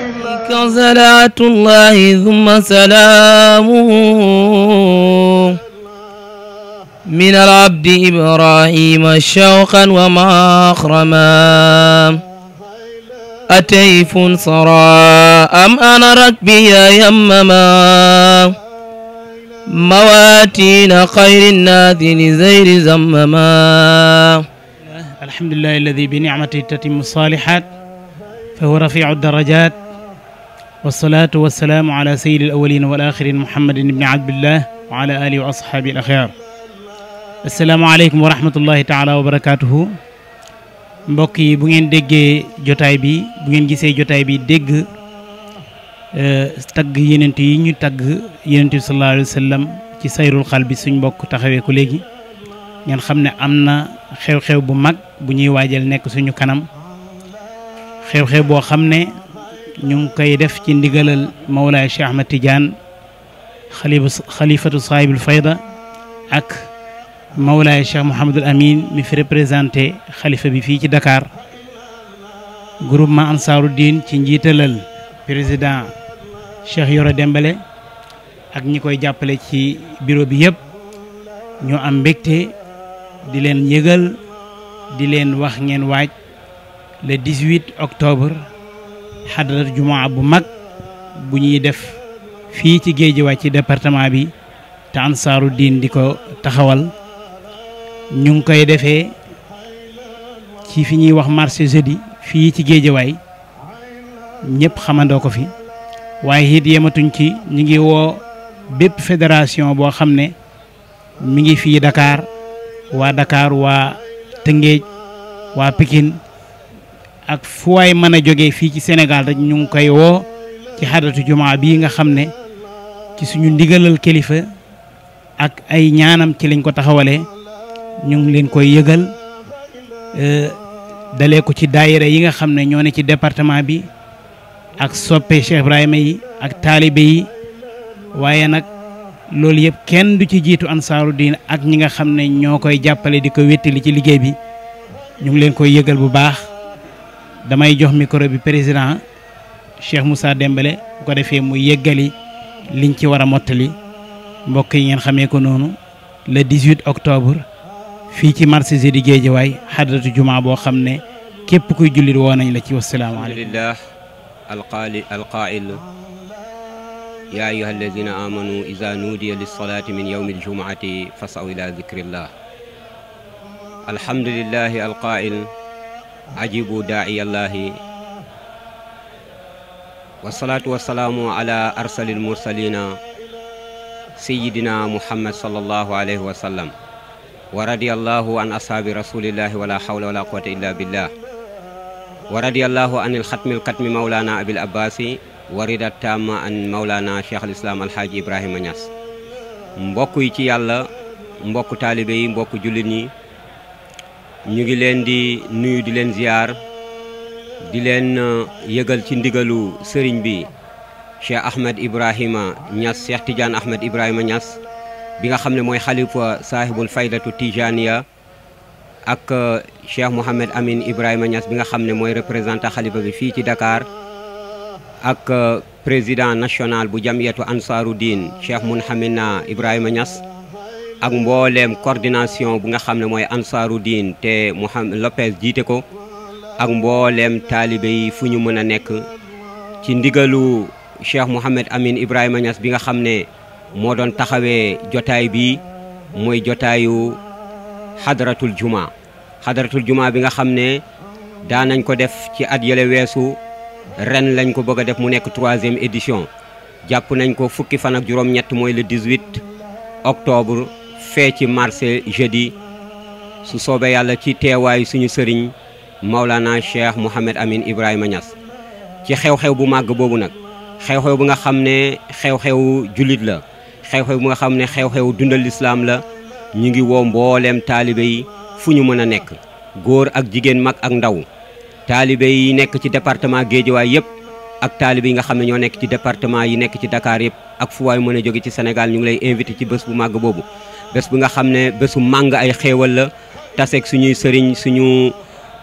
عليك صلاه الله ثم سلامه من العبد إبراهيم شوقا ومخرما أتيف صرا أم أنا ركبي يمما مواتين خير الناذن لزير زمما الحمد لله الذي بنعمته تتم الصالحات فهو رفيع الدرجات والصلاة والسلام على سيد الأولين والآخرين محمد بن عبد الله وعلى آله وأصحابه الأخيار السلام عليكم ورحمة الله تعالى وبركاته mbokk yi bu ngeen déggee jotaay bi bu ngeen gisee jotaay bi dégg tagg yenent yi ñu tagg yenent bi sallallahu alayhi wa sallam ci sayrul xal bi suñ mbokk taxawee ko léegi ngeen xam ne am na xew-xew bu mag bu ñuy waajal nekk suñu kanam xew-xew boo xam ne ñu ngi koy def ci ndigalal Mawlaay Cheikh Ahmed Tidiane xalifa xalifatu saahibul fayda ak Mawlaay Cheikh Mouhamadul Amin mi fi représenté xalifa bi fii ci Dakar groupement ansaruddin din ci njiitalal président Cheikh Yoro Dembélé ak ñi koy jàppale ci bureau bi yëpp ñoo am mbégte di leen yëgal di leen wax ngeen waaj le 18 octobre xadrar jumaa bu mag bu ñuy def fii ci Géejawaay ci département bi te ansaaru diin di ko taxawal ñu ngi koy defee ci fi ñuy wax marché jeudi fii ci Géejawaay ñëpp xamandoo ko fi waaye it yematuñ ci ñu ngi woo bépp fédération boo xam ne mi ngi fii Dakar waa Dakar waa Tëngéej waa Pikine ak fu waay mën a joge fii ci Sénégal rek ñu ngi koy woo ci xadatu jumaa bii nga xam ne ci suñu ndigalal kilifa ak ay ñaanam ci lañ ko taxawalee ñu ngi leen koy yëgal e, dale ko ci daayira yi nga xam ne ñoo ne ci département bi ak soppe Cheikh Ibrahima yi ak taalibe yi waaye nag loolu yëpp kenn du ci jiitu ansaaru diin ak ñi nga xam ne ñoo koy jàppale di ko wéttali ci liggéey bi ñu leen koy yëgal bu baax damay jox micro bi président Cheikh Moussa Dembélé ko defé mu yeggali liñ ci wara motali mottali mbokk yi ngeen xamé ko nonu le 18 octobre fi ci marché jeudi Guédiawaye way hadratu juma bo xamné kep kuy jullit woo nañ la ci wassalaamu aleykum alqa'il يا أيها الذين آمنوا إذا نودي للصلاة من يوم الجمعة فاسعوا إلى ذكر الله الحمد لله القائل ajibu daa'iya llaahi wasalaatu wasalaamu ala arsalil mursalina sayyidina muhammad sallallahu alayhi wa sallam wa radiyallahu an ashaabi rasulillahi wala hawla wala quwata illa billah wa radiyallahu an ilxatmil katmi mawlana abil abbaasi wa rida taama an mawlana cheikh al islam alhaaji ibrahima Niass mbokk yi ci yàlla mbokk taalibe yi mbokk jullit ñi ñu ngi leen di nuyu di leen ziar di leen uh, yëgal ci ndigalu sëriñ bi cheikh ahmed ibrahima ñas cheikh tidiane ahmed ibrahima ñas bi nga xamne moy khalifa sahibul faydatu tijaniya ak uh, cheikh mohammed amin ibrahima ñas bi nga xamne moy representant khalifa bi fi ci dakar ak uh, président national bu jamiyatu ansarudin cheikh munhamina ibrahima ñass ak mbooleem coordination bu nga xam ne mooy ansaaru diin te Mouhamed Lopez jiite ko ak mbooleem taalibe fu ñu mën a nekk ci ndigalu Cheikh Mouhamed Amin Ibrahima Niass bi nga xam ne moo doon taxawee jotaay bi mooy jotaayu xadaratul juma xadaratul juma bi nga xam ne nañ ko def ci at yële weesu ren lañ ko bëgg a def mu nekk troisième édition jàpp nañ ko fukki fan ak juróom-ñett mooy le 18 octobre fee ci marché jeudi su soobe yàlla ci teewaayu suñu sëriñ Maulana Cheikh Mouhamed Amin Ibrahima ñas ci xew-xew bu màgg boobu nag xew-xew bu nga xam ne xew xew jullit la xew-xew bu nga xam ne xew-xewu dundal lislaam la ñu ngi woo mbooleem taalibe yi fu ñu mën a nekk góor ak jigéen mag ak ndaw taalibe yi nekk ci département Guédiawaay yëpp ak taalibe yi nga xam ne ñoo nekk ci département yi nekk ci dakaar yëpp ak fu waay mën a jóge ci Sénégal ñu ngi lay invité ci bés bu màgg boobu bés bu nga xam ne bésu màng ay xéewal la taseeg suñuy sëriñ suñu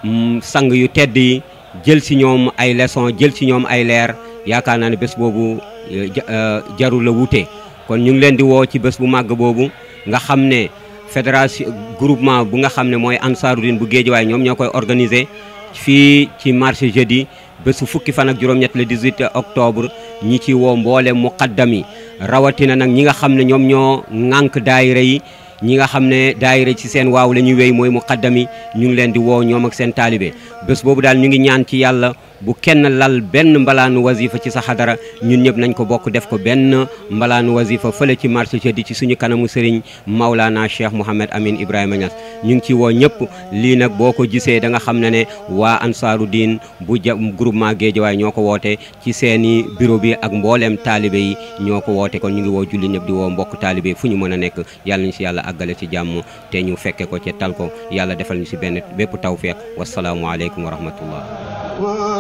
mm, sang yu tedd yi jël si ñoom ay leçon jël si ñoom ay leer yaakaar naa ne bés boobu eh, eh, jarul la wute kon ñu ngi leen di woo ci bés bu màgg boobu nga xam ne fédération groupement bu nga xam ne mooy Ansaarud-Din bu Géejawaay ñoom ñoo koy organiser fii ci marché jeudi bésu fukki fan ak juróom la le 18 octobre ñi ci woo mboole muqaddam yi rawatina nag ñi nga xam ne ñoom ñoo ŋànk daayira yi ñi nga xam ne daayira ci seen waaw la ñuy wéy mooy muqaddam yi ñu ngi leen di woo ñoom ak taalibe bés boobu daal ñu ngi ñaan yàlla bu kenn lal benn mbalaanu wasifa ci sa xadara ñun ñëpp nañ ko bokk def ko benn mbalaanu wasifa fële ci marché ca di ci suñu kanamu sëriñ Maulana Cheikh Mouhamed amiin Ibrahima Niass ñu ngi ci woo ñëpp lii nag boo ko gisee da nga xam ne ne waa ansaaru diin bu ja groupement Guédiawaye ñoo ko woote ci seeni bureau bi ak mboolem taalibe yi ñoo ko woote kon ñu ngi woo julli ñëpp di woo mbokk taalibe fu ñu mën a nekk yàlla ñu si yàlla àggale ci jàmm te ñu fekke ko ci tal ko yàlla defal ñu si benn bépp tawfeex wasalaamualeykum wa rahmatullah